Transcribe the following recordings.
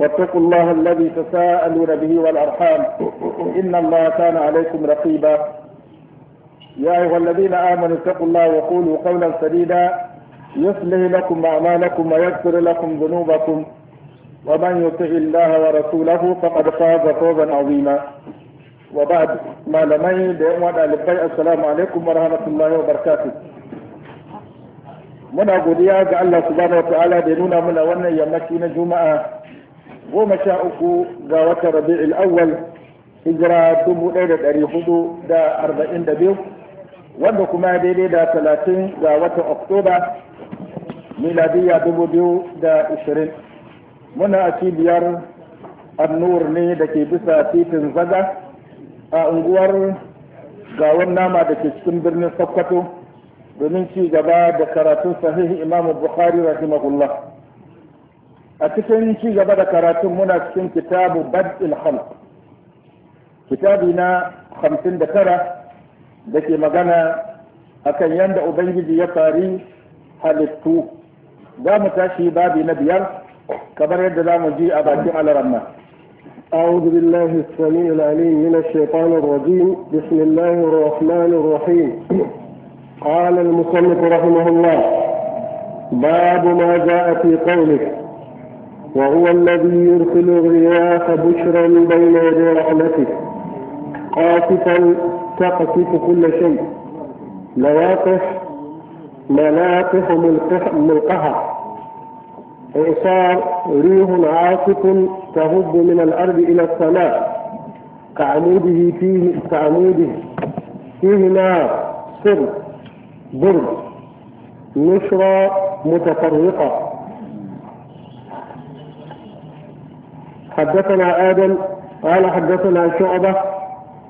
واتقوا الله الذي تساءلون به والأرحام إن الله كان عليكم رقيبا يا أيها الذين آمنوا اتقوا الله وقولوا قولا سديدا يصلح لكم أعمالكم ويغفر لكم ذنوبكم ومن يطع الله ورسوله فقد فاز فوزا عظيما وبعد ما لمي دائما السلام عليكم ورحمة الله وبركاته muna godiya ga Allah subhanahu وتعالى ta'ala da nuna muna wannan yammaci na juma'a goma sha uku ga watan rabi'ul awwal hijira dubu ɗaya da ɗari hudu da arba'in da biyu wanda kuma daidai da talatin ga watan oktoba miladiyya dubu biyu da ishirin muna a cibiyar annur ne da ke bisa titin zaga a unguwar gawon nama da ke cikin birnin sokoto domin ci gaba da karatun sahihi imamu bukhari rahimahullah a cikin ci gaba da karatun muna cikin kitabu bad'il khalq kitabi na 59 da ke magana akan yadda ubangiji ya fari halittu za mu tashi babi na biyar kamar yadda za mu ji a bakin alaramma أعوذ بالله السميع العليم من الشيطان الرجيم بسم الله الرحمن الرحيم قال المصنف رحمه الله باب ما جاء في قوله وهو الذي يرسل الرياح بشرا بين يدي رحمته قاصفا تقصف كل شيء لواقح ملاقح ملقحة إعصار ريح عاصف تهب من الأرض إلى السماء كعموده فيه كعموده فيه نار سر برد نشرى متفرقة حدثنا آدم قال حدثنا شعبة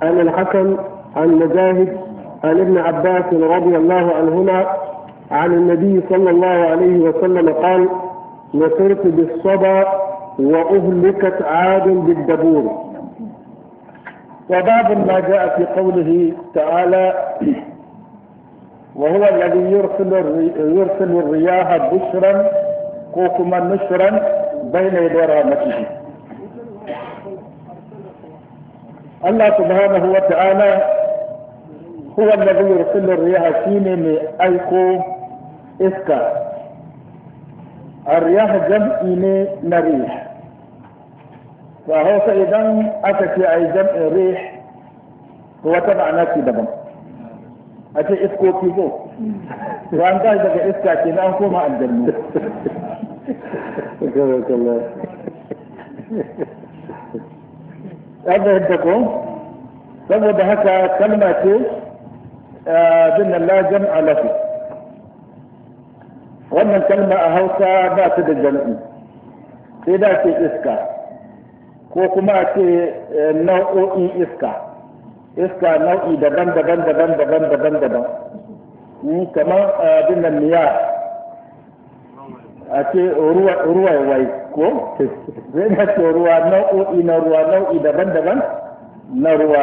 عن الحسن عن مجاهد عن ابن عباس رضي الله عنهما عن النبي صلى الله عليه وسلم قال نصرت بالصبا وأهلكت عاد بالدبور وبعض ما جاء في قوله تعالى وهو الذي يرسل يرسل الرياح بشرا وكما نشرا بين يدي رحمته Allah subhanahu wa ta'ala huwa alladhi yursilu ar-riyaha shine mai aiko iska ar-riyah jam'i ne na rih fa hausa idan aka ce ai jam'in rih to wata ma'ana ce daban a ce iskoki ko to an tashi daga iska ke an koma aljannu saboda haka kalma ce bin la jam'a lahu wannan kalma a hausa ba ta da jam'i sai da ce iska ko kuma a ce e, nau'o'in iska iska nau'i daban daban daban daban daban daban hmm, kamar bin miya a ce ruwa wai ko zai da ruwa nau'o'i na ruwa nau'i daban-daban na ruwa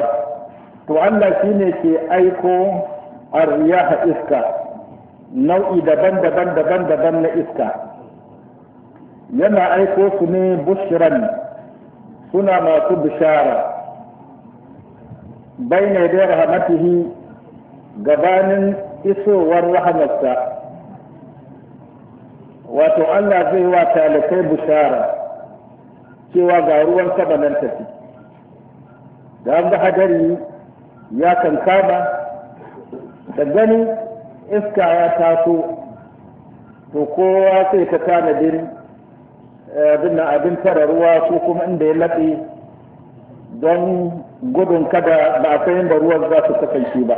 to Allah ne ke aiko arriyaha iska nau'i daban-daban daban-daban na iska yana aiko su ne bushiran suna masu bishara bai ne da rahamatihi gabanin isowar rahamarsa wato Allah zai wa talakai bushara cewa ga ruwan sama nan tafi da an ga hadari ya kaba da gani iska ya taso to kowa sai ta tanadin eh, abin abin tara ruwa ko kuma inda ya laɓe don gudun kada ba a san yadda ruwan za su kasance ba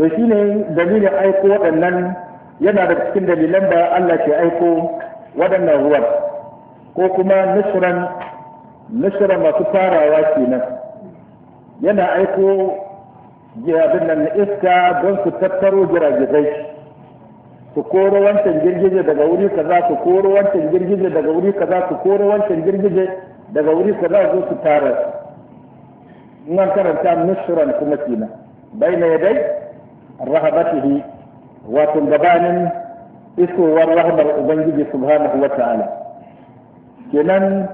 to shine dalilin aiko waɗannan yana da cikin dalilan da Allah ke aiko waɗannan ruwan ko kuma nusran nusra masu farawa kenan yana aiko abin nan iska don su tattaro jiragirai su koro wancan girgije daga wuri kaza su koro wancan girgije daga wuri kaza su koro wancan girgije daga wuri kaza zo su tara nan karanta nusran kuma kenan bayna yadai rahabatihi wato gabanin isowar rahmar ubangiji subhanahu wa ta'ala kenan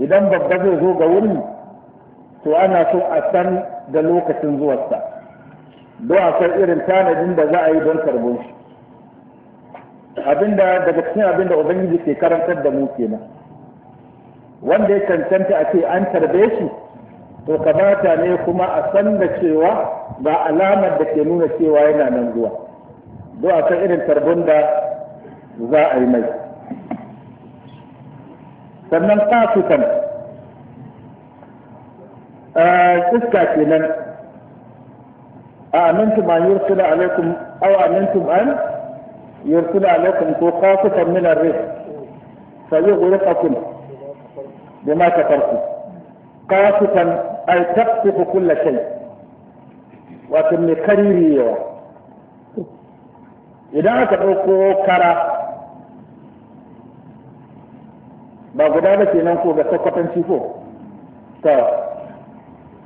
idan babba zai zo ga wuri to ana so a san da lokacin zuwarsa don akwai irin tanadin da za a yi don karbon shi abinda daga cikin abinda ubangiji ke karantar da mu kenan wanda ya cancanta a ce an tarbe shi to kamata ne kuma a san da cewa ba alamar da ke nuna cewa yana nan zuwa don a san irin tarbon da za a yi mai sannan kasutan iska kenan a amintum an yursila alaikum aw amintum an yursila alaikum ko kasutan min ar-rih fa yughriqakum bima kafartum kasutan ay taqtifu kull shay wato mai kariri yawa idan aka ɗauko kara ba guda ba nan ko ga sakwatanci ko ta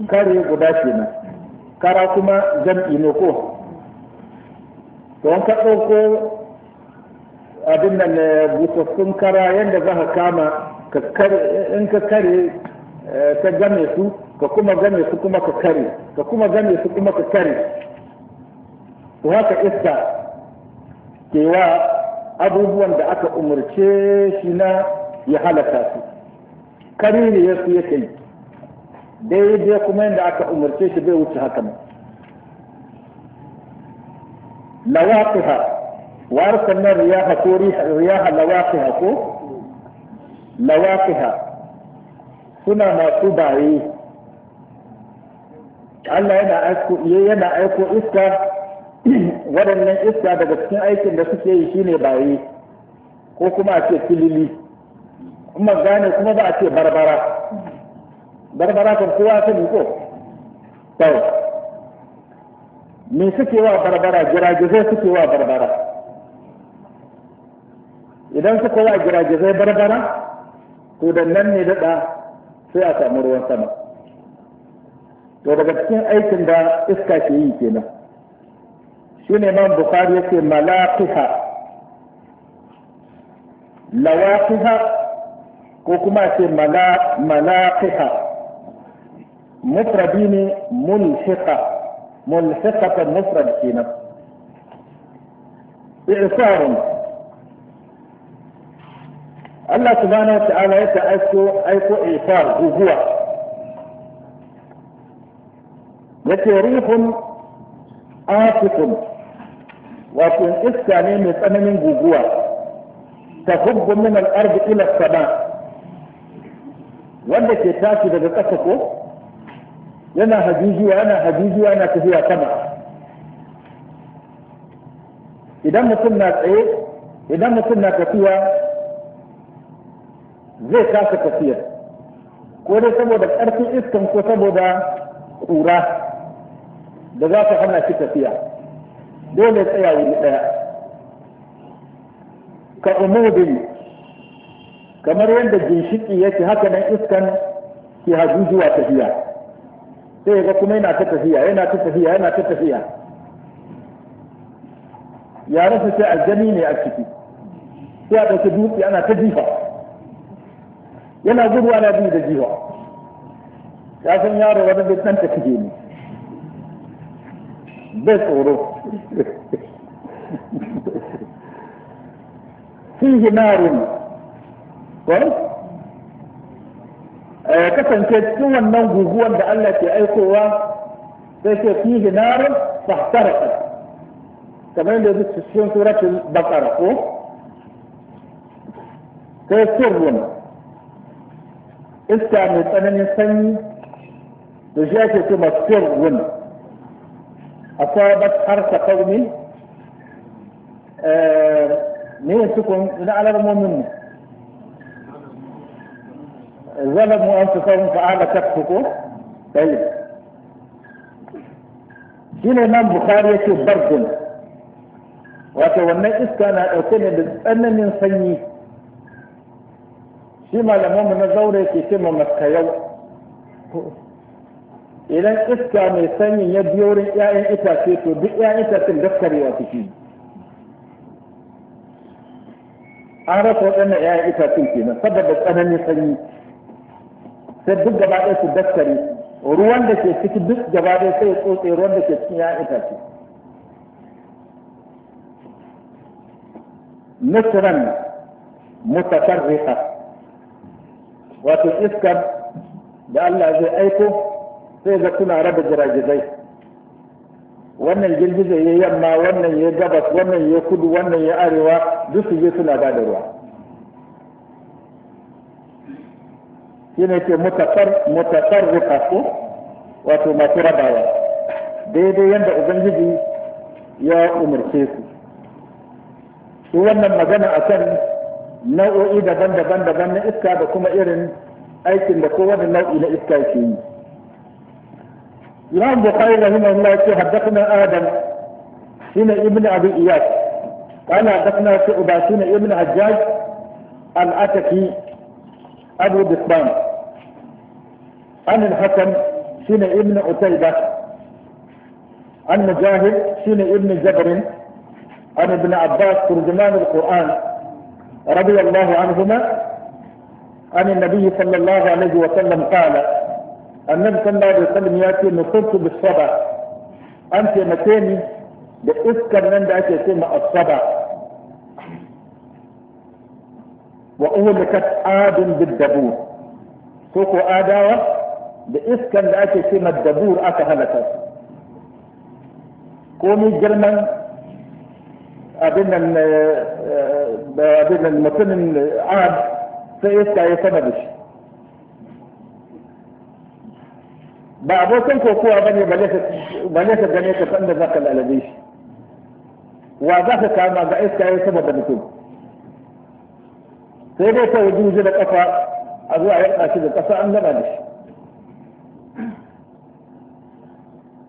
kare guda nan kara kuma jam'i ne ko don an ka ɗauko abin nan eh, busassun kara yadda za ka kama in ka kare eh, ka game su ka kuma game su kuma ka kare ka kuma game su kuma ka kare ku haka iska cewa abubuwan da aka umarce shi na ya halaka su ne ya su yake yi daidai kuma yadda aka umarce shi bai wuce haka ba lawaqiha wa sannan riyaha ko riyaha lawaqiha ko lawaqiha suna masu baye Allah yana aiko iska waɗannan iska daga cikin aikin da suke yi shine baye ko kuma a ce filili kuma gane kuma ba a ce barbara barbara kan kowa sani ko tau me suke wa barbara giragizai suke wa barbara idan suka wa giragizai barbara to da nan ne daɗa sai a samu ruwan sama to daga cikin aikin da iska ke yi kenan shine man bukari yake malaqiha lawaqiha ko kuma ce malaqiha mufradi ne mulhiqa mulhiqatan mufrad kenan i'sarun Allah subhanahu wa ta'ala ya aiko aiko i'sar guguwa yace rihun atikun wato iska ne mai tsananin guguwa ta hubbu min al-ardi ila sama wanda ke tashi daga ƙasa ko yana hajijuwa yana hajijuwa yana tafiya sama idan mutum na tsaye idan mutum na tafiya zai kasa tafiya ko dai saboda ƙarfin iskan ko saboda ƙura da za ta hana shi tafiya dole tsaya wuri ɗaya ka umudin kamar yadda ginshiki yake haka nan iskan ke haju zuwa tafiya sai ga kuma yana ta tafiya yana ta tafiya yana ta tafiya ya rasa sai aljani ne a ciki sai a ɗauki dutse ana ta jifa yana gudu ana biyu da jifa ya san yaro wani duk ɗan tafiye ne بيت أوروبا فيه نار كويس آه، كسن كتسوى النوم هو أن الله في أي قوة فيه نار فاحترقت كما يقول في السيون سورة البقرة كسر استعمل أنني سني بجاكي كما سر أصابت حرث قوم من سكن إذا على المؤمن ظلموا أنفسهم فأهلكتكم طيب shi ne nan bukari yake wato wannan iska na ɗauke ne da tsananin sanyi shi malamanmu na zaure ke ce ma maskayau idan iska mai sanyin ya biyo wurin ƴaƴan itace to duk 'ya'yan itacen daskarewa suke an rasa waɗannan 'ya'yan itacen kenan saboda tsananin sanyi sai duk gaba ɗaya su daskare ruwan da ke ciki duk gaba ɗaya sai ya tsotse ruwan da ke cikin ƴaƴan itace nusran mutatarriqa wato iskar da Allah zai aiko sai ga suna raba jiragizai wannan girgiza ya yamma wannan ya gabas wannan ya kudu wannan ya arewa duk su je suna ba da ruwa ne ke mutasarrufa ko wato masu rabawa daidai yadda ubangiji ya umarce su su wannan magana a kan nau'o'i daban-daban daban na iska da kuma irin aikin da kowane nau'i na iska ke yi الإمام البخاري رحمه الله يقول حدثنا آدم سنة ابن أبي إياس قال حدثنا شعبة سنة ابن حجاج الأتكي أبو دقبان عن الحسن سنة ابن عتيبة عن مجاهد سنة ابن جبر عن ابن عباس ترجمان القرآن رضي الله عنهما عن النبي صلى الله عليه وسلم قال annabi sallallahu alaihi wasallam ya ce nusirtu bis saba an taimake ni da iskar nan da ake ce ma asaba wa uhlikat adun bid dabur ko ko adawa da iskar da ake ce ma dabur aka halaka su ko ni girman abin nan abin nan mutumin ad sai iska ya sama da shi ba abokan kokowa bane balle ka gane ka san da za ka lalabe shi wa za ka kama ga iska ya saboda mutum sai dai kawai juji da kafa a zuwa ya shi da kasa an gaba da shi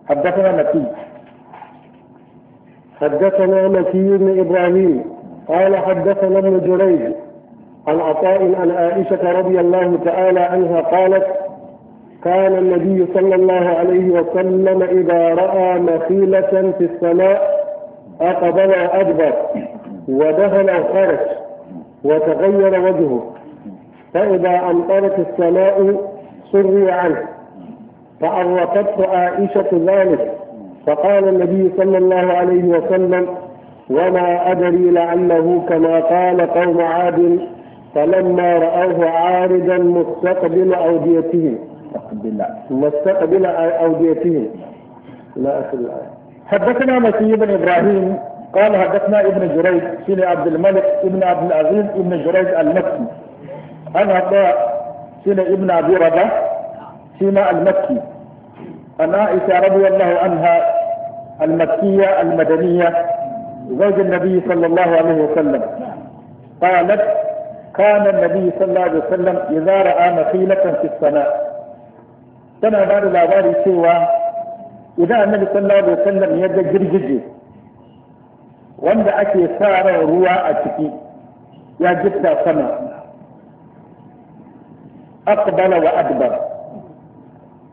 حدثنا مكي حدثنا مكي بن ابراهيم قال حدثنا ابن جريج عن عطاء عن عائشه رضي الله تعالى عنها قالت قال النبي صلى الله عليه وسلم إذا رأى مخيلة في السماء أقبل وأدبر ودخل وخرج وتغير وجهه فإذا أمطرت السماء سري عنه فعرفته عائشة ذلك فقال النبي صلى الله عليه وسلم وما أدري لعله كما قال قوم عاد فلما رأوه عارضا مستقبل أوديتهم مستقبلا مستقبلا أوديتهم لا آخر الآية حدثنا مسيح بن إبراهيم قال حدثنا ابن جريج سيدي عبد الملك ابن عبد العزيز ابن جريج المكي عن عطاء سيدي ابن أبي رباح سيما المكي عن عائشة رضي الله عنها المكية المدنية زوج النبي صلى الله عليه وسلم قالت كان النبي صلى الله عليه وسلم إذا رأى نخيلة في السماء tana ba da labari cewa idan annabi sallallahu alaihi wasallam ya ga girgije wanda ake sa ran ruwa a ciki ya gifta sama aqbala wa adbar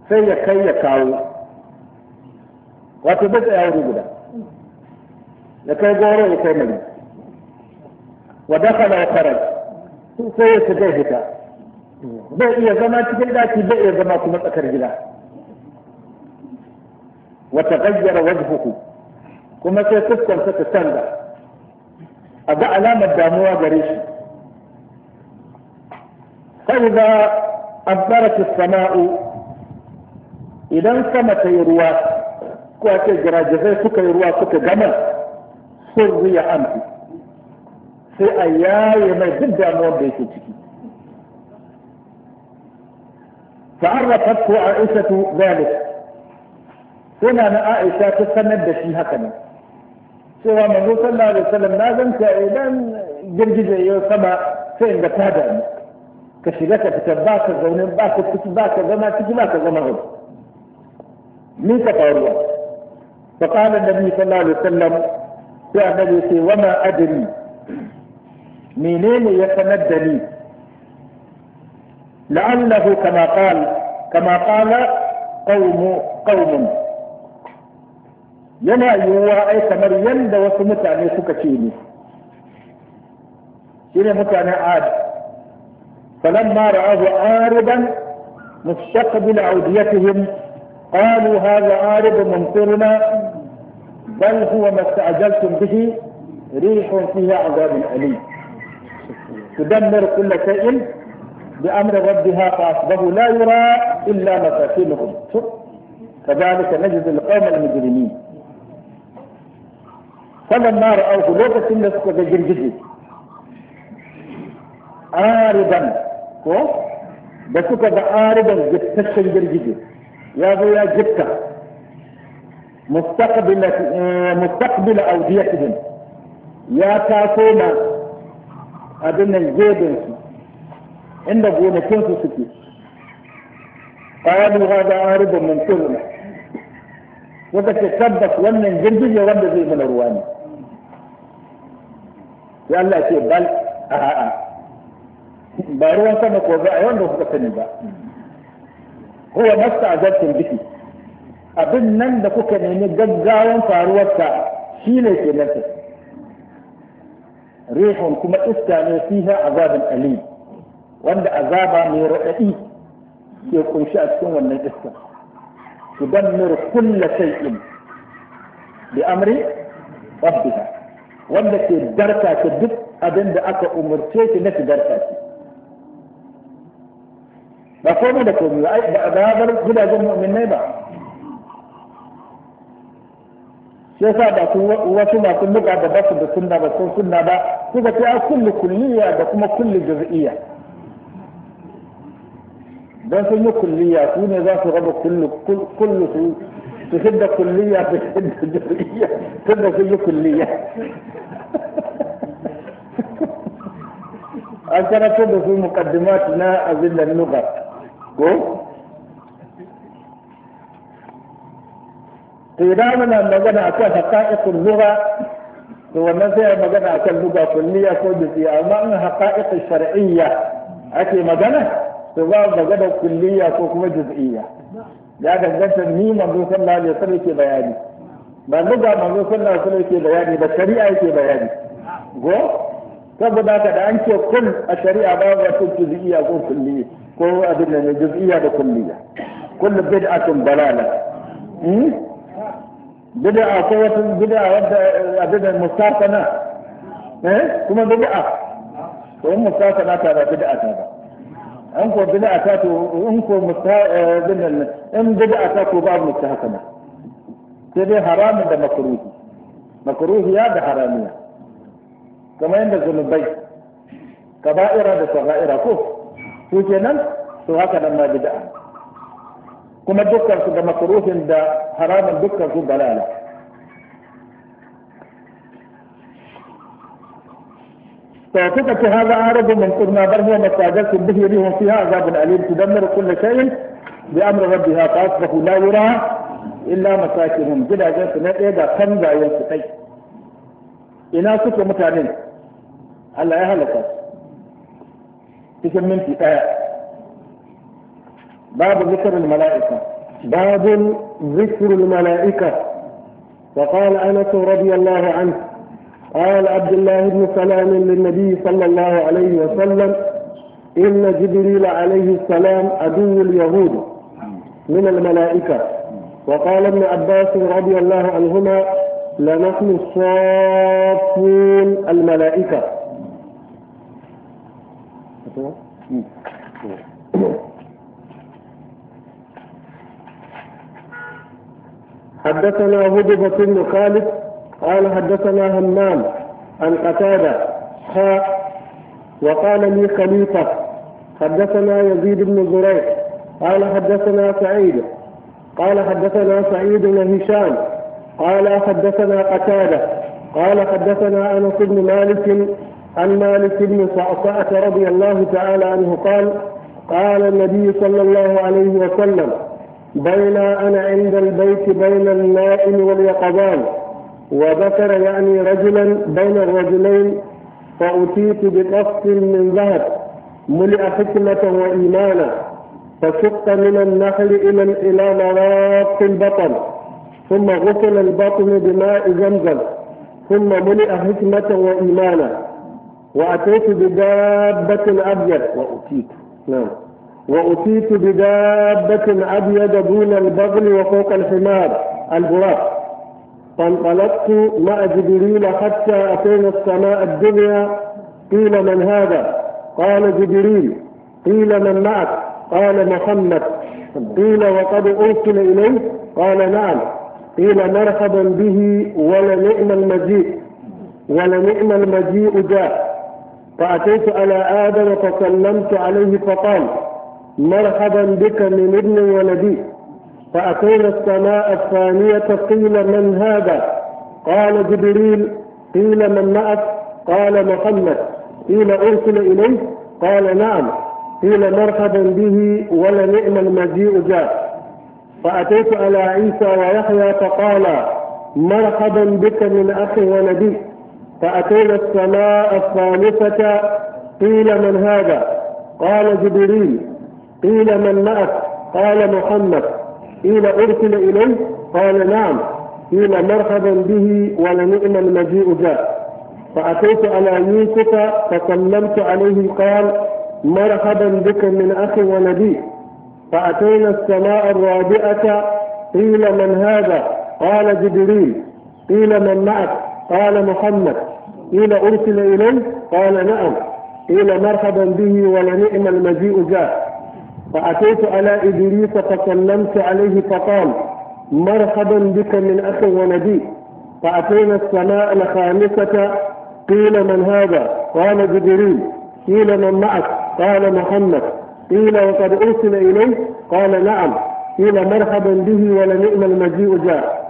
sai ya kai ya kawo wato bai ya wuri guda ya kai goro ya kai mari wa dakala wa kharaj sai ya shiga hita bai iya zama cikin daki bai iya zama kuma tsakar gida wata gayyara wajhuhu kuma sai fuskarsa ta canza a ga alamar damuwa gare shi فإذا أبرت السماء idan sama ta yi ruwa ko ake girajizai suka yi ruwa suka gama sun zuya amfi sai a yaye mai duk damuwar da yake ciki فعرفته عائشة ذلك هنا عائشة تسمى بشي هكذا سوى من صلى الله عليه وسلم ماذا انت ايضا جرجز ايو سبا فين بك هذا انا كشي لك تتباك الزمن باك تتباك الزمن تتباك الزمن مين تقول الله فقال النبي صلى الله عليه وسلم يا عمله وما أدري منين يتمدني لعله كما قال كما قال قوم قوم ينا yiwuwa اي كمر يند وسمت mutane suka ce ne shi فلما رآه عارضا مستقبل أوديتهم قالوا هذا عارض ممطرنا بل هو ما استعجلتم به ريح فيها عذاب أليم تدمر كل شيء بأمر ربها فأصبحوا لا يرى إلا مساكنهم كذلك نجد القوم المجرمين فلما رأوه لوكا سنس كذجر عارضا كو بسكت عارضا جبتا شنجر يا ضيا جبتا مستقبل آه، مستقبل أوديتهم يا تاسوما أدنى الجيبنسي inda gonakinsu suke qalu hada aridun mansuruna wanda ke tabbas wannan girgije wanda zai mana ruwa ne ya Allah ce bal a'a ba ruwan sama ko za a yi wanda kuka sani ba huwa masta'azartum biki. abin nan da kuka nemi gaggawan faruwarsa shi ne ke nasa rihun kuma iska ne fiha azabin alim wanda azaba mai raɗaɗi ke kunshi a cikin wannan iska dan tudammir kulla shay'in bi amri rabbika wanda ke darta ta duk abin da aka umarce shi na darta shi ba komai da komai ba ba azabar gidajen mu'minai ba sai sa ba su wasu masu nuka da basu da sunna ba sun sunna ba suka ce a kullu kulliya da kuma kullu juz'iyya بسن كلية هنا ذات رب كل كل كل تسد كلية تسد جرية تسد كل كلية أنت نقول في مقدماتنا أذل اللغة كو قيرامنا مجانا أكون حقائق اللغة هو نزيع مجانا أكون لغة كلية كو بسيئة أمام حقائق الشرعية أكي مجانا to ba magana kulliya ko kuma juz'iyya ya danganta ni manzo sallallahu alaihi wasallam ke bayani ba ga ga manzo sallallahu alaihi wasallam ke bayani ba shari'a ke bayani go saboda ka da an ce kun a shari'a ba ba su juz'iyya ko kulliya ko abin da ne juz'iyya da kulliya kullu bid'atun balala hmm? bid'a ko wata bid'a wadda abin da mustafana eh kuma bid'a ko mustaqana ta da bid'a ta ba an ko bid'a ta to in ko mustahakama eh, in bid'a ta ko babu sai dai haramun da makruhi makruhiya da haramiya kamar yadda zunubai kaba'ira da sagha'ira ko to kenan su haka nan ma bid'a kuma dukkan su da makruhin da haramun dukkan su balala فكتبت هذا عارض من قرنا بل هو متاجات به فيها عذاب أليم تدمر كل شيء بأمر ربها فأصبحوا لا يرى إلا مساكنهم بلا جنس نتيجة إيه كم ذا ينسقي إنا سكر متعنين ألا يهلك تكن منتي آية باب ذكر الملائكة باب ذكر الملائكة وقال أنس رضي الله عنه قال عبد الله بن سلام للنبي صلى الله عليه وسلم إن جبريل عليه السلام عدو اليهود من الملائكة وقال ابن عباس رضي الله عنهما لنحن صافون الملائكة حدثنا هدبة بن خالد قال حدثنا همام عن قتادة حاء وقال لي خليفة حدثنا يزيد بن زريع قال حدثنا سعيد قال حدثنا سعيد بن هشام قال حدثنا قتادة قال حدثنا أنس بن مالك عن مالك بن صعصعة رضي الله تعالى عنه قال قال النبي صلى الله عليه وسلم بين أنا عند البيت بين النائم واليقظان وذكر يعني رجلا بين الرجلين فأتيت بقص من ذهب ملئ حكمة وإيمانا فشق من النخل إلى إلى مراق البطن ثم غسل البطن بماء زمزم ثم ملئ حكمة وإيمانا وأتيت بدابة أبيض وأتيت نعم وأتيت بدابة أبيض دون البغل وفوق الحمار البراق فانطلقت مع جبريل حتى أتينا السماء الدنيا قيل من هذا قال جبريل قيل من معك قال محمد قيل وقد أرسل إليه قال نعم قيل مرحبا به ولنعم المجيء ولنعم المجيء جاء فأتيت على آدم فسلمت عليه فقال مرحبا بك من ابن ولدي فأتينا السماء الثانية قيل من هذا قال جبريل قيل من معك قال محمد قيل أرسل إليه قال نعم قيل مرحبا به ولنعم المجيء جاء فأتيت على عيسى ويحيى فقال مرحبا بك من أخ ونبي فأتينا السماء الثالثة قيل من هذا قال جبريل قيل من معك قال محمد قيل أرسل إليه قال نعم قيل مرحبا به ولنعم المجيء جاء فأتيت على يوسف فسلمت عليه قال مرحبا بك من أخي ونبي فأتينا السماء الرابعة قيل من هذا قال جبريل قيل من معك قال محمد قيل أرسل إليه قال نعم قيل مرحبا به ولنعم المجيء جاء فأتيت على إدريس فسلمت عليه فقال مرحبا بك من أخ ونبي فأتينا السماء الخامسة قيل من هذا قال جبريل قيل من معك قال محمد قيل وقد أرسل إليه قال نعم قيل مرحبا به ولنعم المجيء جاء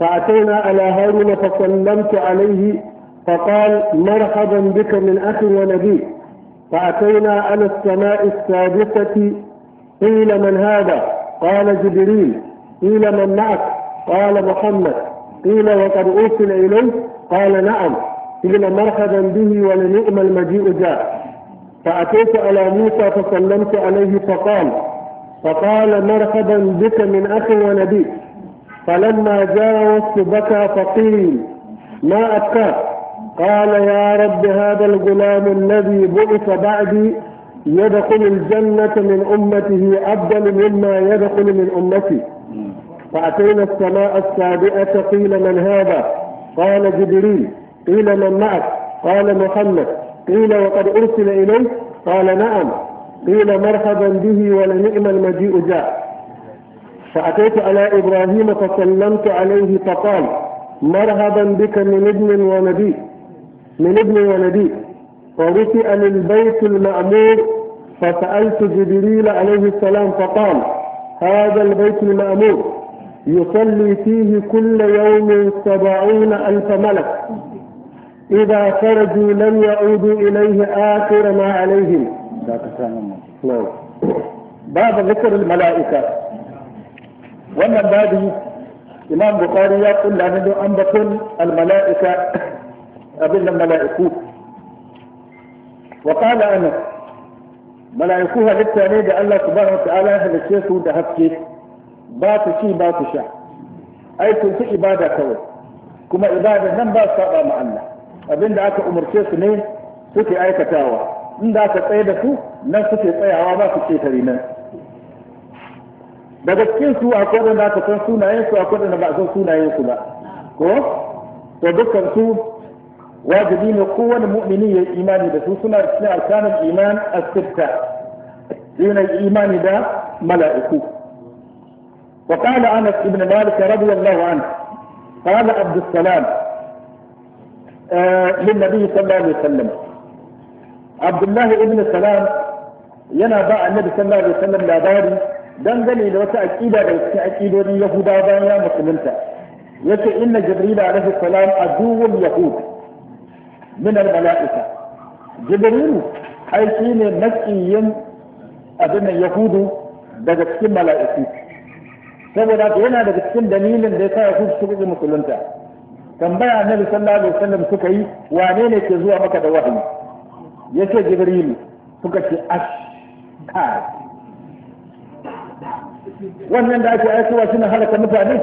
فأتينا على هارون فسلمت عليه فقال مرحبا بك من أخ ونبي فأتينا على السماء السادسة قيل من هذا قال جبريل قيل من معك قال محمد قيل وقد أرسل إليه قال نعم قيل مرحبا به ولنعم المجيء جاء فأتيت على موسى فسلمت عليه فقال فقال مرحبا بك من أخي ونبيك فلما جاوزت بكى فقيل ما أبكاك قال يا رب هذا الغلام الذي بعث بعدي يدخل الجنة من أمته أفضل مما يدخل من أمتي فأتينا السماء السابعة قيل من هذا قال جبريل قيل من معك قال محمد قيل وقد أرسل إليك قال نعم قيل مرحبا به ولنعم المجيء جاء فأتيت على إبراهيم فسلمت عليه فقال مرحبا بك من ابن ونبي من ابن ونبي ورفع للبيت المأمور فسألت جبريل عليه السلام فقال هذا البيت المأمور يصلي فيه كل يوم سبعون ألف ملك إذا خرجوا لم يعودوا إليه آخر ما عليهم باب ذكر الملائكة ومن بعد إمام بخاري يقول لا أن أنبتون الملائكة أبل الملائكة وقال أنس mala'iku halitta ne da Allah subhanahu wa ta'ala ya halicce su da haske ba ta ci ba ta sha aikin su ibada kawai kuma ibada nan ba su saba ma Allah abinda aka umarce su ne suke aikatawa inda aka tsaye da su nan suke tsayawa ba su ketare nan daga cikin su akwai wanda aka san sunayen su akwai wanda ba a san sunayen su ba ko to dukkan su واجبين من قوة المؤمنية إيماني بس وصلنا إلى أركان الإيمان الستة لأن الإيمان ذا ملائكة وقال أنس بن مالك رضي الله عنه قال عبد السلام آه، للنبي صلى الله عليه وسلم عبد الله بن السلام ينا باع النبي صلى الله عليه وسلم لا باري دان قال إذا وسع إلى وسع إلى يهودا بايا مسلمتا يسع إن جبريل عليه السلام عدو اليهود min al-mala'ika jibrilu ai shi ne makiyin abin yahudu daga cikin mala'iku saboda ka yana daga cikin dalilin da ya sa yahudu suka ji musulunta tambaya na sallallahu alaihi wasallam suka yi wane ne ke zuwa maka da wahayi yace jibrilu suka ce ashkar wannan da ake aikowa shi na halaka mutane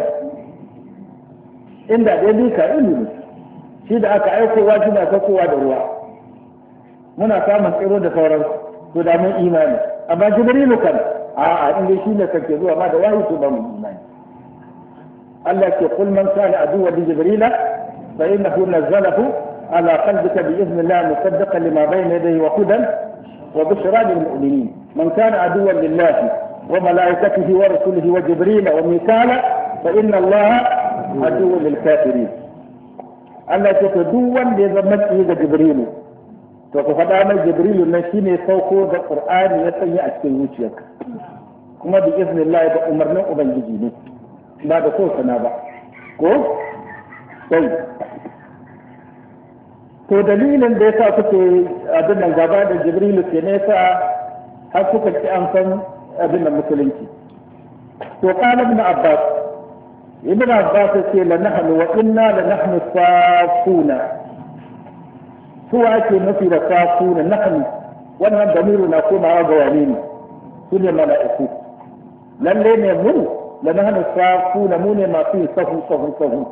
inda dai bi ka ilimi shi da aka aikowa shi na sakowa da ruwa muna samun tsiro da sauran to da mun imani amma jibrilu kan a'a in shi ne kake zuwa ma da wahayi to ba mun imani Allah ke kul man kana aduwa li jibrila fa innahu nazzalahu ala qalbika bi idhnillah musaddaqan lima bayna yadayhi wa hudan wa bushra lil mu'minin man kana aduwa lillahi wa malaikatihi wa rasulihi wa jibrila wa mikala fa inna Allah aduwa lil kafirin Allah ce to duk wanda ya zama maƙiyi ga Jibrilu to ku faɗa mai Jibrilu nan shine sauko da Qur'ani ya sanya a cikin zuciyarka kuma bi iznillah da umarnin ubangiji ne ba da so sana ba ko sai to dalilin da yasa kuke abin nan gaba da Jibrilu ke ne yasa har kuka ci an san abin nan musulunci to qala ibn Abbas ابن عباس يقول لنحن وإنا لنحن الصافون هو أكي نفي الصافون نحن وأنهم ضميرنا كما هذا وليم سنة ملائكة لن لين يمر لنحن الصافون مون ما فيه صفو صفو صفو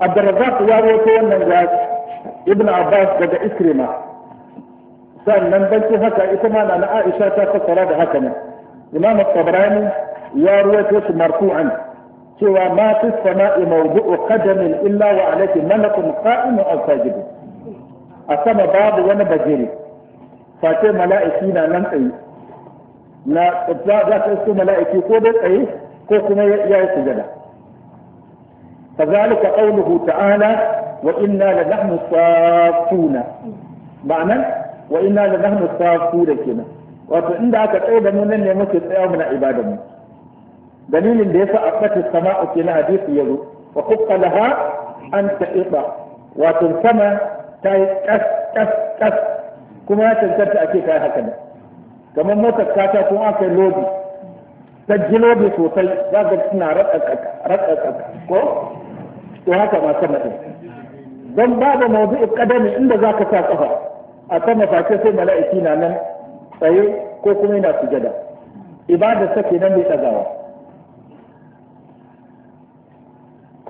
عبد الرزاق ياريكو أن ابن عباس قد إكرمة سأل من بلت هكا إثمان أن عائشة تفكر هكذا إمام الطبراني ياريكو مرفوعا cewa ma fi sama'i mawdu'u qadamin illa wa alayhi malakun qa'imun aw sajidun a sama babu wani bajiri face mala'iki na nan tsaye na za ta su mala'iki ko da tsaye ko kuma ya yi sujada kazalika qawluhu ta'ala wa inna la nahnu safuna ma'anan wa inna la nahnu safuna kenan wato inda aka tsaye da mu nan ne muke tsaya mu na ibadar mu dalilin da yasa abbatis sama'a ke na hadisi yazo wa kuffa laha an ta'iba wato sama ta yi kas kas kas kuma ya cancanta ake kai haka ne kamar motar kata kuma aka yi lodi ta ji lodi sosai za ga suna ratsakaka ko to haka ma sama din ba babu mawdu'i kadami inda za ka kafa a sama face sai mala'iki na nan tsaye ko kuma yana sujada ibada sake nan bai tsagawa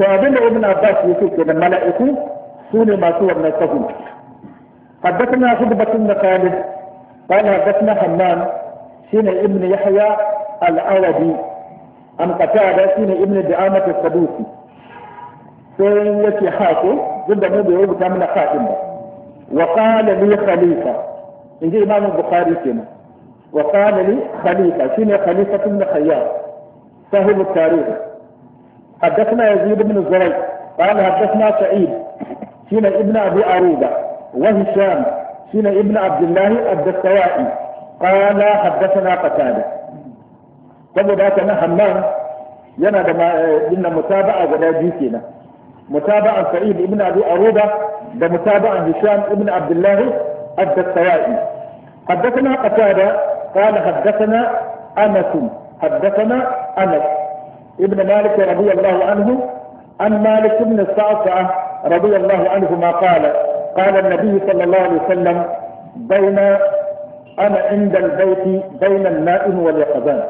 to abin da ibn abbas yake da mala'iku su ne masu wannan sahu حدثنا خطبة بن خالد قال حدثنا حمام سين ابن يحيى العربي عن قتادة سين ابن دعامة السدوسي سين يكي حاكم جدا مو بيربط من خاتم وقال لي خليفة إن إمام البخاري كنا وقال لي خليفة سين خليفة بن خيار صاحب التاريخ حدثنا يزيد بن الزريق قال حدثنا سعيد سنة ابن أبي عروبة وهشام سنة ابن عبد الله الدستوائي قال حدثنا قتادة saboda haka na hamman yana da dinna mutaba'a guda biyu kenan mutaba'an sa'id ibn abi aruba da mutaba'an hisham ibn abdullahi ad-dastawai حدثنا قتادة قال حدثنا أنس حدثنا أنس ابن مالك رضي الله عنه عن مالك بن الصعصعة رضي الله عنهما قال قال النبي صلى الله عليه وسلم بين أنا عند البيت بين النائم واليقظان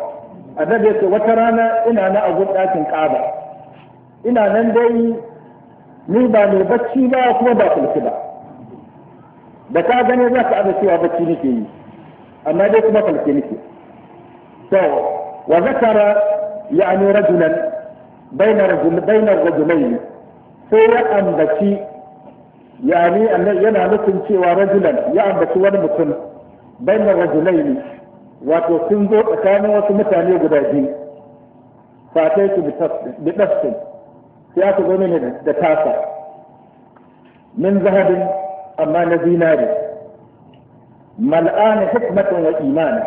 annabi ya ce wata rana ina na abun ɗakin ƙaba ina nan dai ni ba mai bacci ba kuma ba kulki ba da ka gane za ka ada cewa bacci nake yi amma dai kuma kulki nake to wa zakara يعني رجلا بين رجل بين الرجلين سي أنبتي يعني أن ينا نتن سوى رجلا يأنبتي ونمتن بين الرجلين وتسنزو أكان وسمتاني قدادي فأتيت بنفس سيأتي ضمن دكاسة من ذهب أما نزيناري ملآن حكمة وإيمان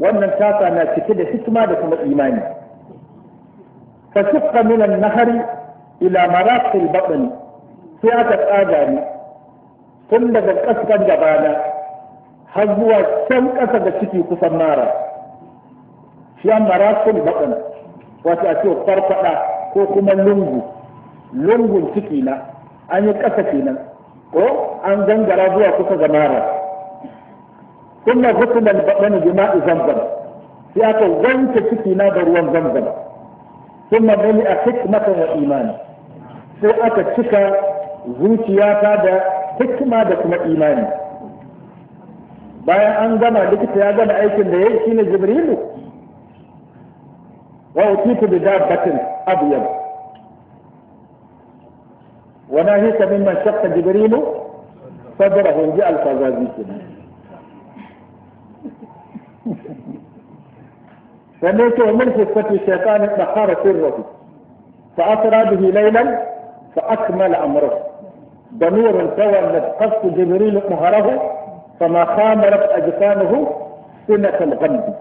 wannan tasa na cike da hikima da kuma imani fashifka na nahari ila maraqil baɗin sai aka tsaga ni tun daga ƙasar gabana har zuwa can ƙasa da ciki kusan mara shi an baɗin wato a ce farfaɗa ko kuma lungu lungun ciki an yi ƙasa kenan ko an gangara zuwa kusa ga mara kuma hukumar baɗin jima'i zamzam sai aka wanke ciki na da ruwan zamzam kuma bani a hikmatan wa imani sai aka cika zuciyata da hikima da kuma imani bayan an gama likita ya gama aikin da ya yi shine jibrilu wa utitu bi dabbatin abyad wa nahita mimman shaqqa jibrilu sadrahu ji al-fazazi فنيت من حفة الشيطان دخل سره فأسرى به ليلا فأكمل أمره ضمير سوى نفقت جبريل مهره فما خامرت أجسامه سنة الغمد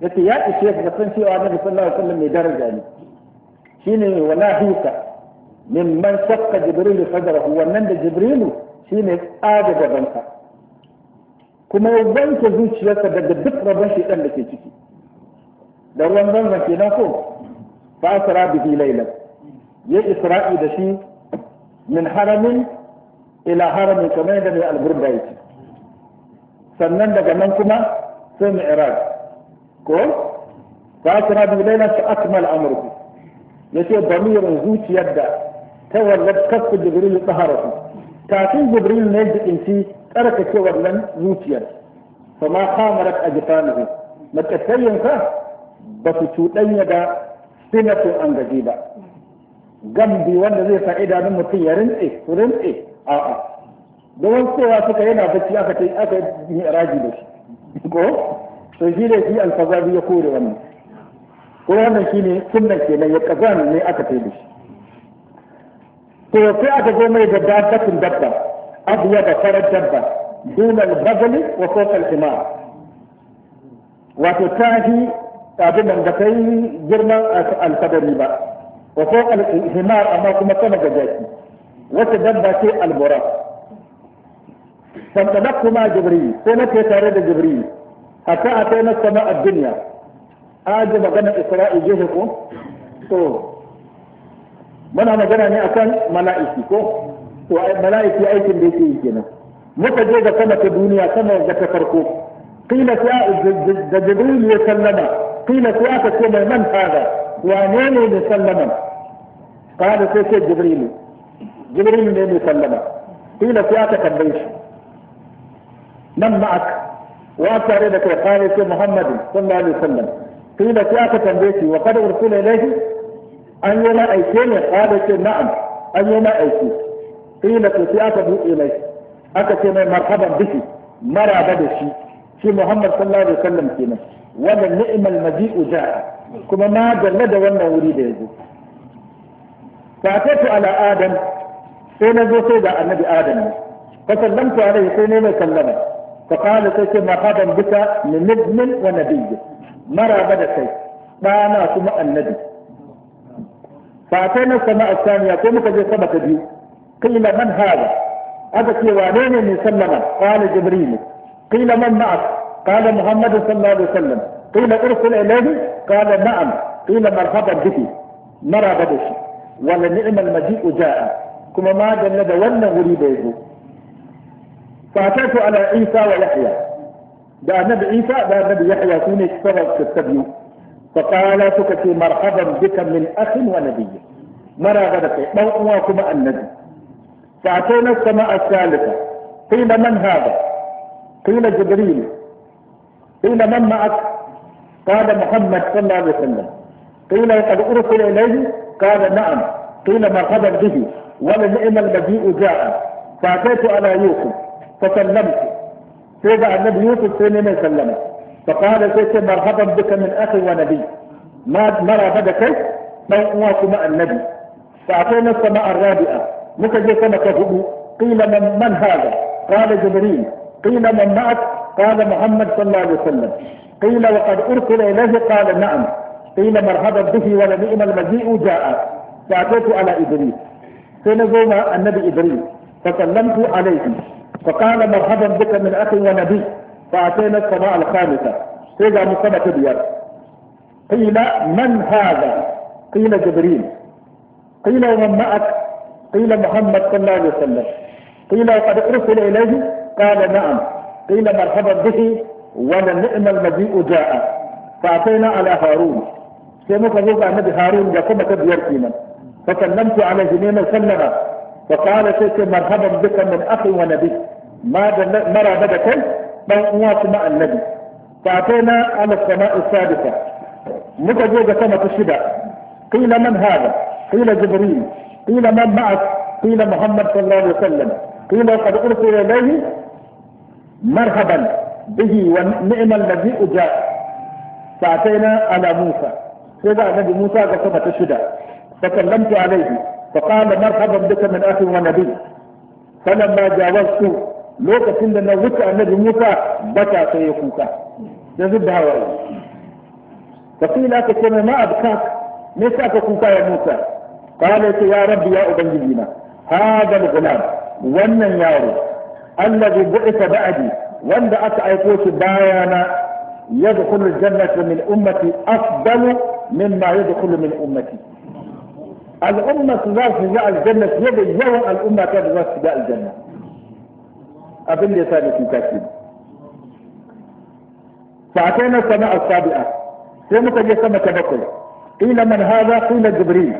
لكن يا الشيخ بسن شيء صلى الله عليه وسلم يدرج يعني شيني وناهيك ممن شق جبريل صدره ومن جبريل شيني آجد بنك كما يبنك زوج شيئا بدد بكرة بنشي أنك تشكي da ruwan zanzan kenan ko fa asra bi laylan ya isra'i da shi min haramin ila haramin kamar da al alburda yake sannan daga nan kuma sai mi'raj ko fa asra bi laylan fa akmal amruhu yace damirin zuciyar da ta wallar kasu jibril taharatu kafin jibril ne jikinci tsarkake wannan zuciyar fa ma khamarat ajfanuhu makasayyanka ba su cuɗanya da sinatun an gaji ba gambi wanda zai sa idanun mutum ya rintse su rintse a'a domin cewa suka yana bacci aka ta aka yi raji da shi ko to shi ne shi alfazabi ya kore wannan kuma wannan shine sunnan kenan ya kazan ne aka ta da shi to sai aka zo mai da dabbatun dabba abiya da farar dabba dunar bagali wa kofar imam wato tahi abin da kai girman alkadari ba wa ko alhimar amma kuma sama ga jaki wata dabba ce albura fantana kuma jibril sai na tare da jibril hatta a kai na sama a duniya aji magana isra'i jihi ko to muna magana ne akan mala'iki ko to mala'iki aikin da yake yi kenan muka je ga sama ta duniya sama ga ta farko kila sai da jibril ya sallama قيل سياك كما من هذا وانين مسلما قال سيك جبريل جبريل من مسلما قيل سياك كبيش من معك وأتعرضك وقال سي محمد صلى الله عليه وسلم قيل سياك تنبيشي وقد أرسل إليه أن يما أيكين قال سي نعم أن يما أيكين قيل سياك بي إليه أكتم مرحبا به مرحبا به في محمد صلى الله عليه وسلم كنا ولا نعم المجيء جاء كما ما جلد ولا وليد يزيد فأتيت على آدم سينا زو سيدا النبي آدم فسلمت عليه سينا وسلم فقال سيك ما خابا بك من نجم ونبي ما بدا سيك ما أنا سمع النبي فأتينا السماء الثانية كما كذي سبق دي قيل من هذا هذا كيوانين من سلم قال جبريلي قيل من معك قال محمد صلى الله عليه وسلم قيل ارسل اليه قال نعم قيل مرحبا به مرحبا به ولنعم المجيء جاء كما ما جلد ولا غريب يجو فاتيت على عيسى ويحيى دا نبي عيسى دا نبي يحيى كوني اشتغل كالسبيو فقال سكتي مرحبا بك من اخ ونبي مرحبا بك موقواكما النبي فاتينا السماء الثالثه قيل من هذا قيل جبريل قيل من معك قال محمد صلى الله عليه وسلم قيل قد ارسل اليه قال نعم قيل مرحبا به ولنعم المجيء جاء فاتيت على يوسف فسلمت سيدع النبي يوسف سنين سلم فقال سيدي مرحبا بك من اخي ونبي ما مرى بدك من مع النبي فاعطينا السماء الرابعه مكجي سمك قيل من من هذا قال جبريل قيل من معك قال محمد صلى الله عليه وسلم قيل وقد أرسل إليه قال نعم قيل مرحبا به ولنعم المجيء جاء فأتيت على إدريس فنزوم النبي إدريس فسلمت عليه فقال مرحبا بك من أخي ونبي فأتينا السماء الخامسة سيجا مصطفى تبير قيل من هذا قيل جبريل قيل ومن معك قيل محمد صلى الله عليه وسلم قيل وقد أرسل إليه قال نعم قيل مرحبا به ولنعم المجيء جاء فأتينا على هارون سيمك زوجة النبي هارون يقوم كبير فينا فسلمت على جنين نعم سلم فقال شيخ مرحبا بك من أخي ونبي ماذا مرى بدك بل أواصل مع النبي فأتينا على السماء السادسة متى زوجة سنة الشدة قيل من هذا قيل جبريل قيل من معك قيل محمد صلى الله عليه وسلم قيل قد أرسل إليه marhaban bihi wa ni'mal ladhi uja fataina ala musa sai ga annabi musa ga sama ta shida fa kallamtu alayhi fa qala marhaban bika min akhin wa nabiy falamma jawaztu lokacin da na wuce annabi musa bata sai ya kuka ya zubda hawaye fa qila ka ce ma abkak ka kuka ya musa qala ya rabbi ya ubangiji na hada al wannan yaro الذي بعث بعدي وان وند أتأيكوش بايانا يدخل الجنة من أمتي أفضل مما يدخل من أمتي الأمة ذات جاء الجنة يد يوم الأمة ذات جاء الجنة أبن لي في مكاتب فأتينا السماء السابعة سيمك تجي السماء تبقل قيل من هذا قيل جبريل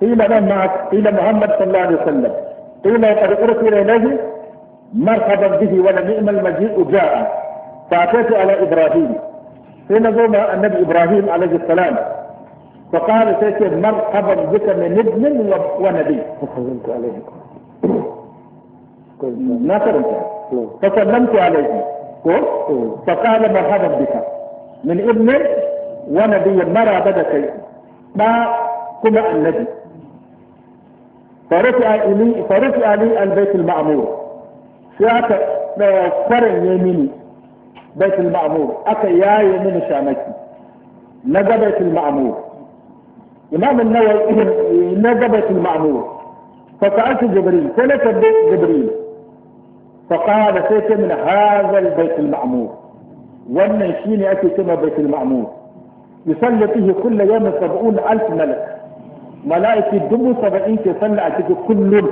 قيل من معك قيل محمد صلى الله عليه وسلم قيل قد أرسل إليه مرحبا به ولنعم المجيء جاء فأتيت على إبراهيم حين زوم النبي إبراهيم عليه السلام فقال سيدي مرحبا بك من ابن ونبي فسلمت عليه ما فهمت فسلمت عليه فقال مرحبا بك من ابن ونبي ما رابد شيء ما كما النبي فرفع لي فرفع لي البيت المعمور sai aka kwaran ya mini baitul ma'mur aka yaye mini shamaki na ga baitul ma'mur imam an-nawawi na ga baitul ma'mur fa sa'altu jibril sai na tabbi jibril fa qala sai ta min hadha al-bait al-ma'mur wannan shine ake cewa baitul ma'mur yusalli fihi kullu yawmin 70000 malak mala'iki dubu saba'in ke sallah a cikin kullum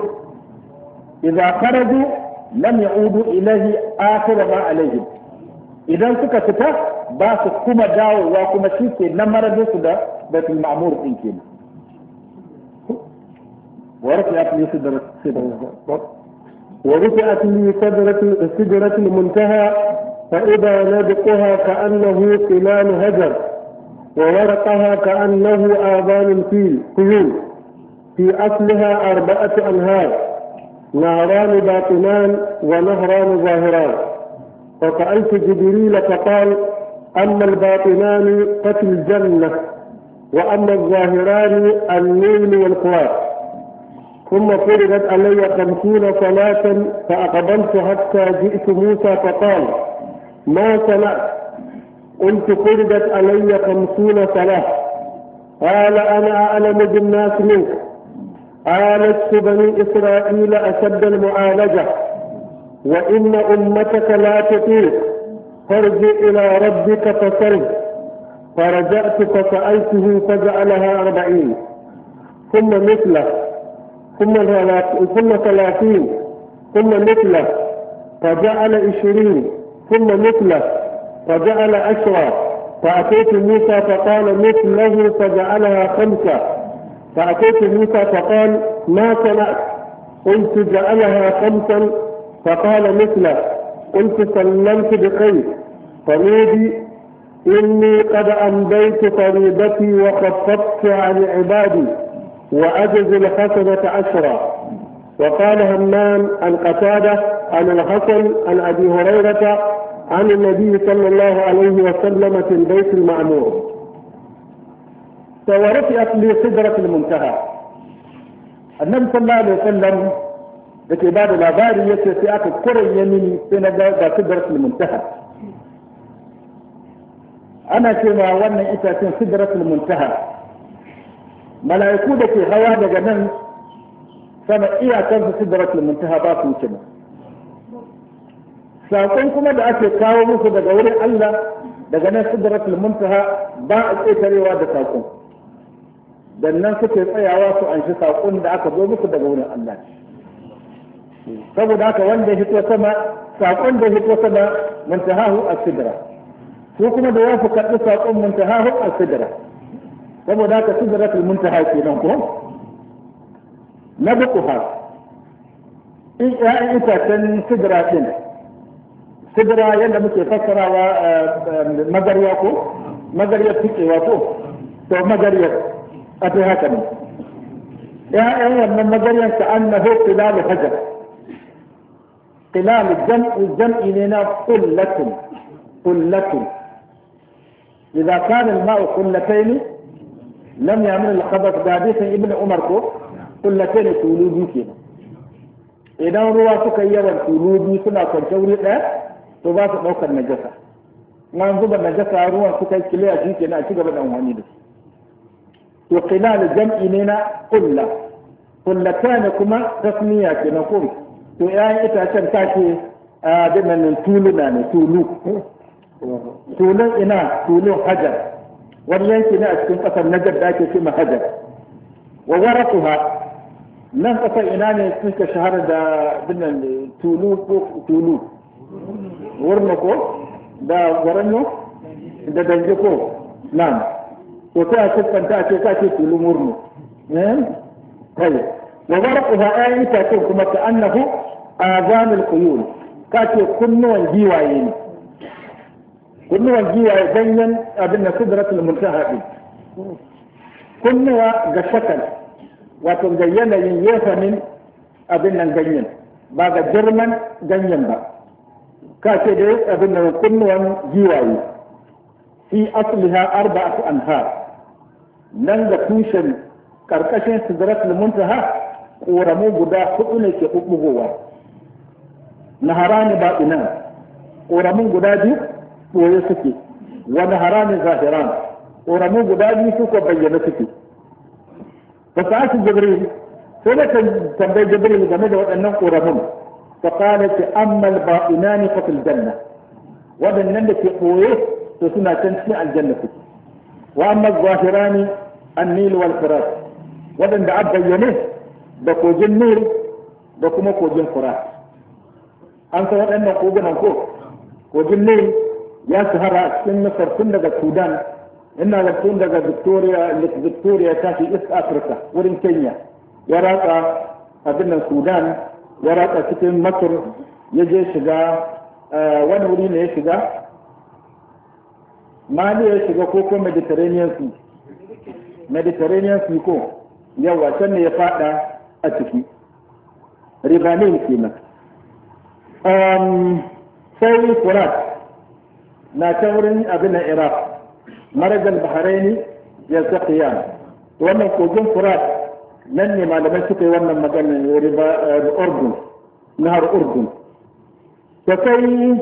idza kharaju لم يعودوا إليه آخر ما عليهم إذا كنت ستا باس كما جاو وكما شيكي نمر بسدا بيت المعمور إنكينا ورفعت لي سدرة سدرة المنتهى فإذا نبقها كأنه قلال هجر وورقها كأنه آذان في قيود في أصلها أربعة أنهار نهران باطنان ونهران ظاهران فسألت جبريل فقال أما الباطنان قتل الجنة وأما الظاهران النيل والقوات ثم فرضت علي خمسون صلاة فأقبلت حتى جئت موسى فقال ما صنعت قلت فرضت علي خمسون صلاة قال أنا أعلم بالناس منك عالجت بني إسرائيل أشد المعالجة وإن أمتك لا تطيق فارجع إلى ربك فسرد فرجعت فسألته فجعلها أربعين ثم مثله ثم ثم ثلاثين ثم مثله فجعل عشرين ثم مثله فجعل عشرة فأتيت موسى فقال مثله فجعلها خمسة فأتيت موسى فقال ما صنعت قلت جعلها خمسا فقال مثل قلت سلمت بخير فنودي إني قد أمضيت فريضتي وخففت عن عبادي وأجز الحسنة عشرا وقال همام عن قتادة عن الحسن عن أبي هريرة عن النبي صلى الله عليه وسلم في البيت المعمور ورفعت لي سدرة المنتهى annabi sallallahu alaihi wasallam da ke bada labari yace sai aka kuranye mini sai na ga ga sidratul muntaha ana cewa wannan itacen sidratul muntaha mala'iku da ke hawa daga nan sama iyakan su sidratul muntaha ba su wuce sakon kuma da ake kawo musu daga wurin Allah daga nan sidratul muntaha ba a ƙetarewa da sakon dannan nan suke tsayawa su anshi saƙon da aka zo musu daga wurin Allah saboda haka wanda ya fito sama saƙon da ya fito sama muntahahu as-sidra su kuma da ya fi karɓi saƙon muntahahu as-sidra saboda haka sidratul muntaha kenan ko na bukuha in ya'yan itacen sidra ɗin sidra yadda muke fassarawa eh, eh, magarya ko magarya tukewa ko to magarya أتي هكذا يا أيها من مجريا كأنه قلال حجر قلال الدمء الدمء لنا قلة قلة إذا كان الماء قلتين لم يعمل الخبث بحديث ابن عمر كو قلتين تولوجي كنا إذا رواتك يرى تولوجي كنا كنتوري لا تباس موقع النجسة ما نظر النجسة روان كتا كليا جيكي نا تجرب أمواني بس to qilal jam'i ne na kulla kullata ne kuma tasmiya ke na kun to ƴaƴan itacen ta ce abin nan tuluna ne tulu tulun ina tulun hajar wani yanki ne a cikin ƙasar najar da ke cima hajar wa warasuha nan ƙasar ina ne suka shahara da binnan tulu ko da da nan to sai a siffanta a ce ka ce tulun murnu eh? kai wa warquha ayi ta ce kuma ta annahu azanul quyul ka ce kunnuwan giwaye ne kunnuwan giwaye ganyen abin na sidratul muntaha din kunnuwa ga shakal wato ga yanayin yefanin abin nan ganyen ba ga girman ganyen ba ka ce dai abin nan kunnuwan giwaye fi asliha arba'atu anhar nan ga tushen karkashin sidratul ha ƙoramu guda hudu ne ke ɓuɓɓugowa na harani ba inan Ƙoramun guda biyu ɓoye suke wani harani zahiran ƙoramun guda biyu su ko bayyana suke fa sa'atu jibril sai da tambayi jibril game da waɗannan ƙoramun ta qala ta Ammal ba ina ne fil janna waɗannan da ke ɓoye to suna can cikin aljanna suke wa amma zahirani annil wal furat waɗanda a bayyane da kogin nil da kuma kogin furat an san waɗannan kogunan ko kogin nil ya shahara a cikin tun daga sudan ina da tun daga victoria victoria ta fi east africa wurin kenya ya ratsa abin nan sudan ya ratsa cikin masar ya je shiga wani wuri ne ya shiga mali ya shiga ko ko mediterranean sea mediterranean sea ko yawa can ne ya fada a ciki ribanin kenan um, sai furat na ta wurin abin na iraq maragal bahraini ya zaƙiya wannan kogin furat nan ne malamai suka yi wannan maganin eh, eh, urdun nahar urdun ta kai eh,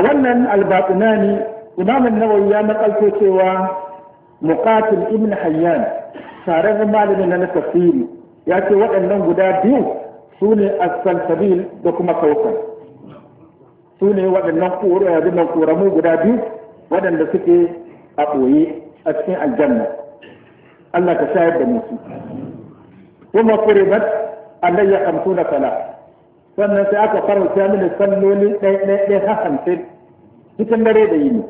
wannan albatunani imamin nawawi ya makalto cewa muqatil ibn hayyan tare malami na tafsiri ya ce waɗannan guda biyu su ne as-salsabil da kuma kaukan su ne waɗannan koramu koramu guda biyu waɗanda suke a ɓoye a cikin aljanna Allah ka shayar da musu kuma kuribat alayya hamsuna kala sannan sai aka farauta mini salloli ɗaya ɗaya ɗaya hamsin cikin dare da yini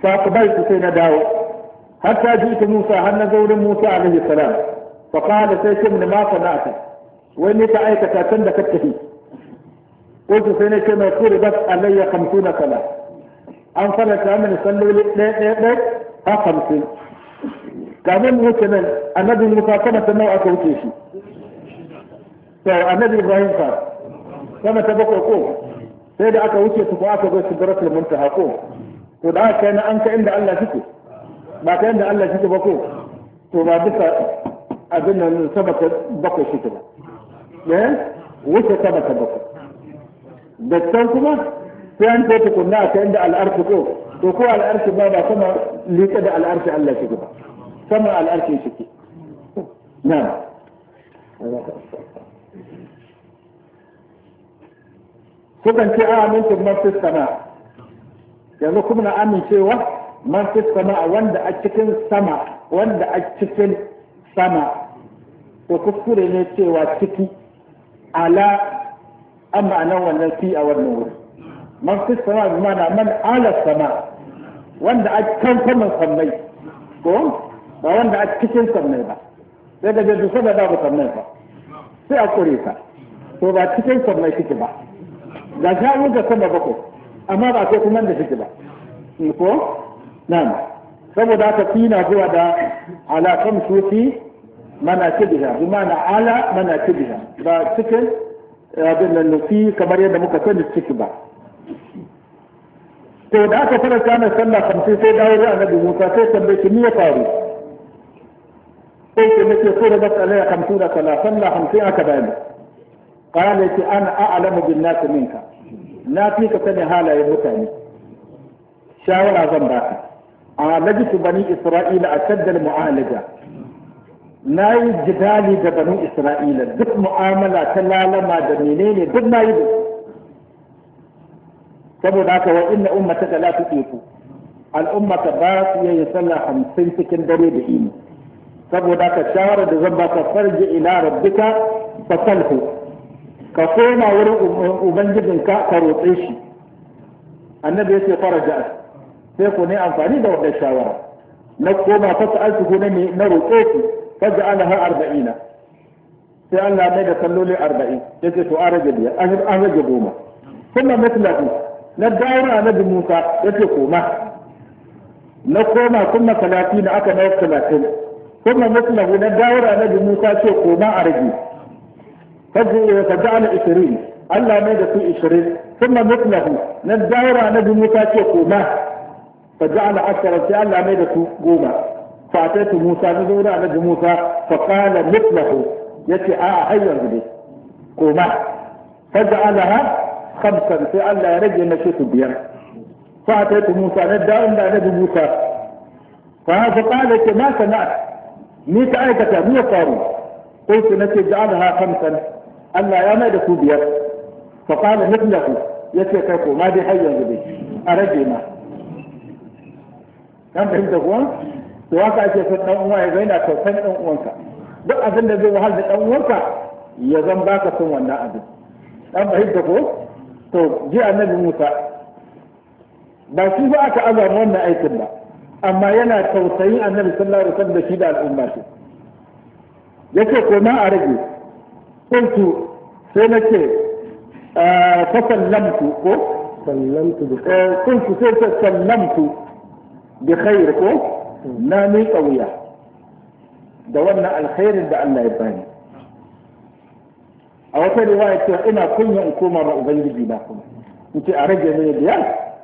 fa bai su sai na dawo har ta ji ta Musa har na gaurin Musa alaihi salam fa qala sai ce mun ma sana'ata wai ne ta aikata tun da ka tafi qultu sai ne ce mai qurbat alayya 50 sala an fara farata min salloli ɗaya ɗaya ɗaya a 50 kamar mu wuce nan annabi Musa kana ta nawa aka wuce shi to annabi Ibrahim fa kana ta bakwai ko sai da aka wuce su ko aka zo sidratul muntaha ko to da kai na an ka inda Allah kike ba kai inda Allah kike ba ko to ba duka abin nan sabaka bako kike ba eh wuce sabaka bako da san kuma sai an kai na kai inda al'arfi ko to ko al'arfi ba ba kuma lika da al'arfi Allah kike ba sama al'arfi kike ke na sukan ce a mintin mafi sama yanzu kuma na amincewa man fi sama wanda a cikin sama wanda a cikin sama to kuskure ne cewa ciki ala an ma'anar wannan fi a wannan wuri man fi sama bi mana man ala sama wanda a kan saman sammai ko ba wanda a cikin sammai ba sai da jirgin sama da sammai ba sai a kure ka to ba cikin sammai kike ba ga sha'un ga sama bakwai amma ba sai kun da shi ba ko nan saboda ta tina zuwa da ala kam sufi mana kibiha bi mana ala mana kibiha ba cikin abin nan nufi kamar yadda muka sani ciki ba to da aka fara kana sallah kamsin sai dawo da annabi Musa sai tambaye shi me ya faru sai ke nake so da bata alaya kamsin da sallah sallah kamsin aka bani qala ti ana a'lamu bin nas minka na fi ka sanin halayen mutane shawara zan baka alajtu bani isra'ila ashaddal mu'alaja na yi jidali da bani isra'ila duk mu'amala ta lalama da menene duk na yi saboda haka wa inna ummataka la tuqitu al'ummata ba su yi sallah hamsin cikin dare da ini saboda haka shawara da zan baka farji ila rabbika fatalhu ka koma wurin ubangijinka ka roƙe shi annabi ya ce ja'a sai ku ne amfani da wannan shawara na koma fa sa'altu ne na roƙe ki faj'alaha arba'ina sai Allah lamai da salloli arba'in ce to an rage biyar an rage goma kuma mislahu na daura annabi Musa ce koma na koma kuma talatin aka na talatin kuma mislahu na na annabi Musa ce koma a rage فجعل عشرين Allah mai da su ishirin sun ma mutlahu na daura na biyu ta ce koma fa ja'ala ashara sai Allah mai da su goma fa ataitu Musa na daura na biyu Musa fa qala mutlahu yace a har yanzu dai koma fa ja'alaha khamsan sai Allah ya rage mashi su biyar fa ataitu Musa na daura na biyu Musa fa fa qala ke ma sana'a ni ta aikata ni ya faru قلت نتي جعلها خمسا Allah ya mai da ku biyar fa qala mithlahu yace kai ko ma dai har yanzu dai a rage ma kan fahimta kuwa to haka ake son dan uwa ya zaina san dan uwanka duk abin da zai wahal da dan uwanka ya zan baka son wannan abin dan fahimta ko to ji annabi Musa ba shi ba aka azama wannan aikin ba amma yana tausayin annabi sallallahu alaihi wasallam da shi da al'umma shi yake ko ma a rage kuntu sai na ce ta sallamtu ko sallamtu bi khair kuntu sai ta sallamtu bi khair ko na mi kauya da wannan alkhairin da Allah ya bani a wata waye ce ina kunya in koma ma ubangiji ba kuma in ce a rage ne biyar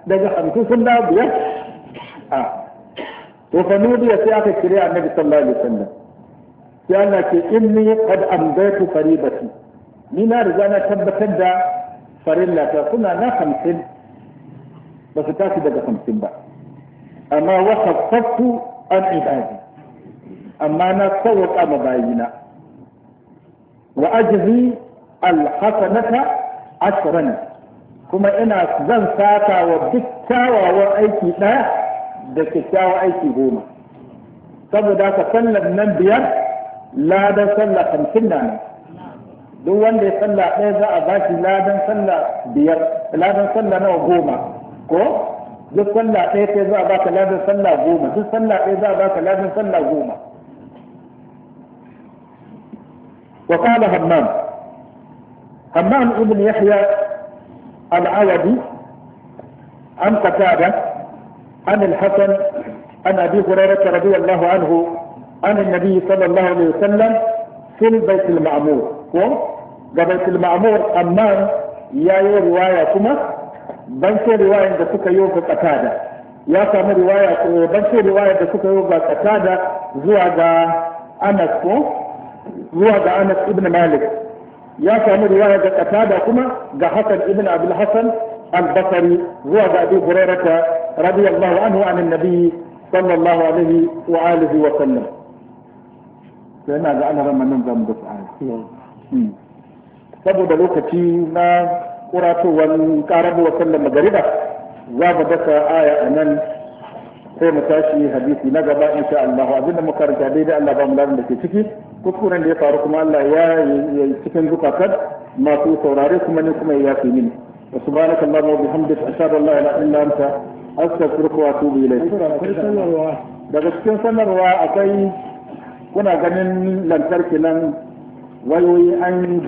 daga hamsin sun da biyar a to fa nudiya sai aka kire annabi sallallahu alaihi wasallam sai Allah ce inni qad amdaitu faribati ni na riga na tabbatar da farilla ta kuna na hamsin ba su tashi daga hamsin ba amma wa khaffaftu an ibadi amma na sawwaka ma bayina wa ajzi alhasanata ashran kuma ina zan saka wa duk kyawawan aiki ɗaya da kyakkyawar aiki goma saboda ka sallar nan biyar ladan sallah hamsin na ne duk wanda ya sallah ɗaya za a ba shi ladan sallah biyar ladan sallah nawa goma ko duk sallah ɗaya sai za a ba ka ladan sallah goma duk sallah ɗaya za a ba ka ladan sallah goma وقال همام همام ابن يحيى العودي عن قتادة عن الحسن عن أبي هريرة رضي الله عنه عن النبي صلى الله عليه وسلم في البيت المعمور بيت المعمور أمام يا رواية كما بنت رواية da suka yi ga katada ya samu riwaya ko bance riwaya da suka yi ga katada zuwa ga Anas ko zuwa ga Anas ibn Malik ya sami riwaya ga katada kuma ga Hassan ibn Abdul Hassan al-Basri zuwa ga Abi Hurairah radiyallahu anhu an sallallahu alaihi wa sallam sai na ga ana nan zamu da sa'a hmm. saboda lokaci na kuratowar karabu wa sallam magariba za mu daka aya a nan sai mu tashi hadisi na gaba insha Allah abinda mu karanta daidai Allah ba mu da ke ciki kuskuren da ya faru kuma Allah ya yi cikin zukatan masu saurare kuma ne kuma ya fi mini wa allahumma wa bihamdika ashhadu an la ilaha illa anta astaghfiruka wa atubu ilayk daga cikin sanarwa akai. kuna ganin lantarki nan wayoyi an